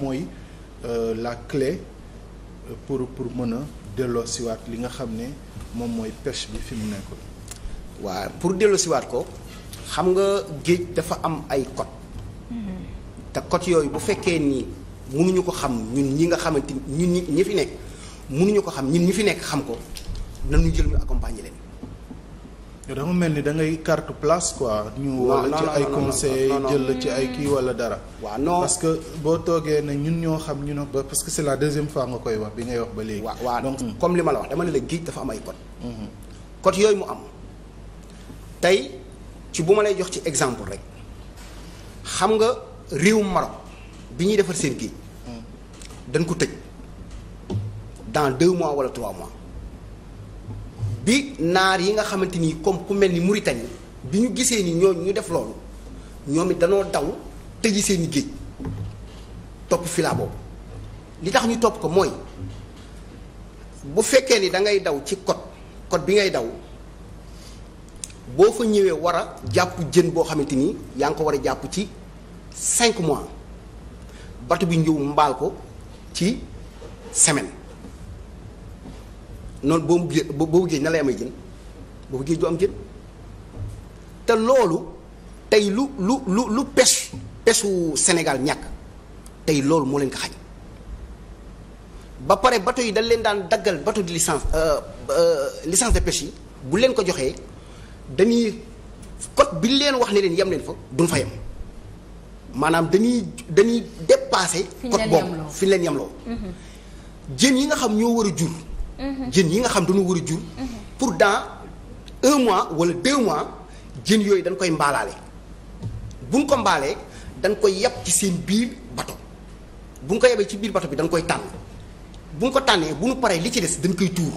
mooy euh, la clé euh, pour pour mën a delloosiwaat li nga xam ne moom mooy pêche bi fi mu nekkoon. waaw pour siwaat ko xam nga géej dafa am ay code. Mm-hmm. te code yooyu bu fekkee ni mënuñu ko xam ñun ñi nga xamante ñun ñi ñi fi nekk mënuñu ko xam ñun ñi fi nekk xam ko nañu jël ñu accompagner leen. yow dama mel ni da ngay place quoi. ñu wala ci ay conseil jël ci ay kii wala dara. waa non parce que boo toogee ne ñun ñoo xam ñu ne ba parce que c'est la deuxième fois nga koy wax bi ngay wax ba léegi. waa waaw donc mm. comme li ma la wax dama ne la géej dafa am ay code. Mm-hmm. code yooyu mu am tey ci bu ma lay jox ci exemple rek xam nga réew Maroc bi ñuy defar seen géej. Mm. dañ ko tëj dans deux mois wala trois mois. bi naar yi nga xamante ni comme ku mel ni Mauritanie bi ñu gisee ni ñooñu ñu def loolu ñoom it dañoo daw tëji seen i géej topp filaa boobu li tax ñu topp ko mooy bu fekkee ni da ngay daw ci code code bi ngay daw boo fa ñëwee war a jàpp jën boo xamante ni yaa ngi ko war a jàpp ci cinq mois bato bi ñëw mbaal ko ci semaine noonu boobu géej boobu géej na lay amee jën boobu géej du am jën te loolu tey lu lu lu lu pêche pêchu Sénégal ñàkk tey loolu moo leen ko xañ ba pare bateau yi dañ leen daan daggal bateau di licence euh, euh, licence de pêche yi bu leen ko joxee dañuy code bi leen wax ne leen yem leen fa duñ fa yem maanaam dañuy dañuy dépasser code boobu fi ñu leen yemloo mhm. jën yi nga xam ñoo war a jur Mhm. jën yi nga xam dañu war a jur mhm. pour dans un mois wala deux mois jën yooyu dañ koy mbaalaale buñ ko mbaalee dañ koy yàpp ci seen biir bato buñ ko yebee ci biir bato bi dañ koy tànn buñ ko tànnee bu ñu paree li ci des dañ koy tuur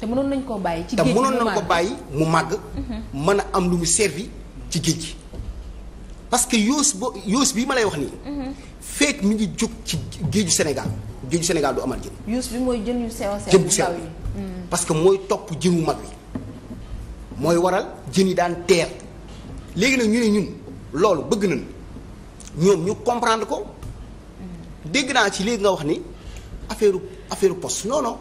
te mënoon nañ koo bàyyi ci géej gi mu màgg te mënoon nañ ko bàyyi mu màgg mhm. mën a am lu mu servi ci géej gi parce que yoos bo yoos bii ma lay wax nii. Mhm. fekk mi ngi jóg ci géeju Sénégal géeju Sénégal du amal jën. yoos bi mooy jën yu sew sew. jën bu sew mhm. parce que mooy topp jën wu mag wi mooy waral jën yi daan teer léegi nag ñu ne ñun loolu bëgg na ñoom ñu comprendre ko mhm. dégg naa ci léegi nga wax ni affaire affaire poste non non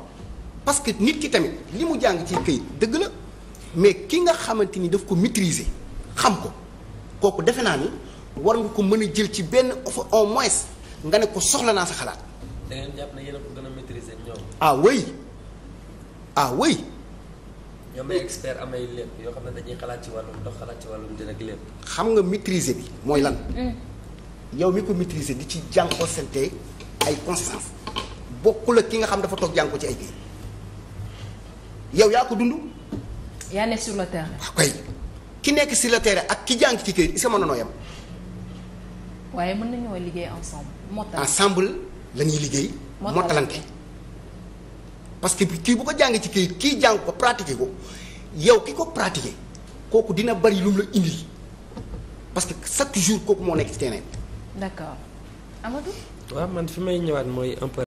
parce que nit ki tamit li mu jàng ci këyit dëgg na mais ki nga xamante ni daf ko maîtriser xam ko. kooku defe naa ni war nga ko mën a jël ci benn offre au moins nga ne ko soxla naa sa xalaat. da ngeen jàpp ne yéen gën a maîtriser ñoom. ah oui ah oui. ñoom ay experts am ay lépp yoo xam ne dañuy xalaat ci wàllum ndox ci wàllum jën ak lépp. xam nga maîtriser bi mooy lan. Mm. yow mi ko maîtriser di ci jànkoo sante ay conséquences bokkul ak ki nga xam dafa toog jànkoo ci ay biir yow yaa ko dund. yaa nekk sur ki nekk si le terrain ak ki jàng ci kër yi est-ce que mën nañoo yem. waaye mën nañoo liggéey ensemble. mottalante ensemble la ñuy liggéey. mottalante parce que kii bu ko jàngee ci kër kii jàng ko pratiquer ko yow ki ko pratiquer kooku dina bari lu mu la indi parce que chaque jour kooku moo nekk ci terrain. d'accord waaw man fi may ñëwaat mooy un peu.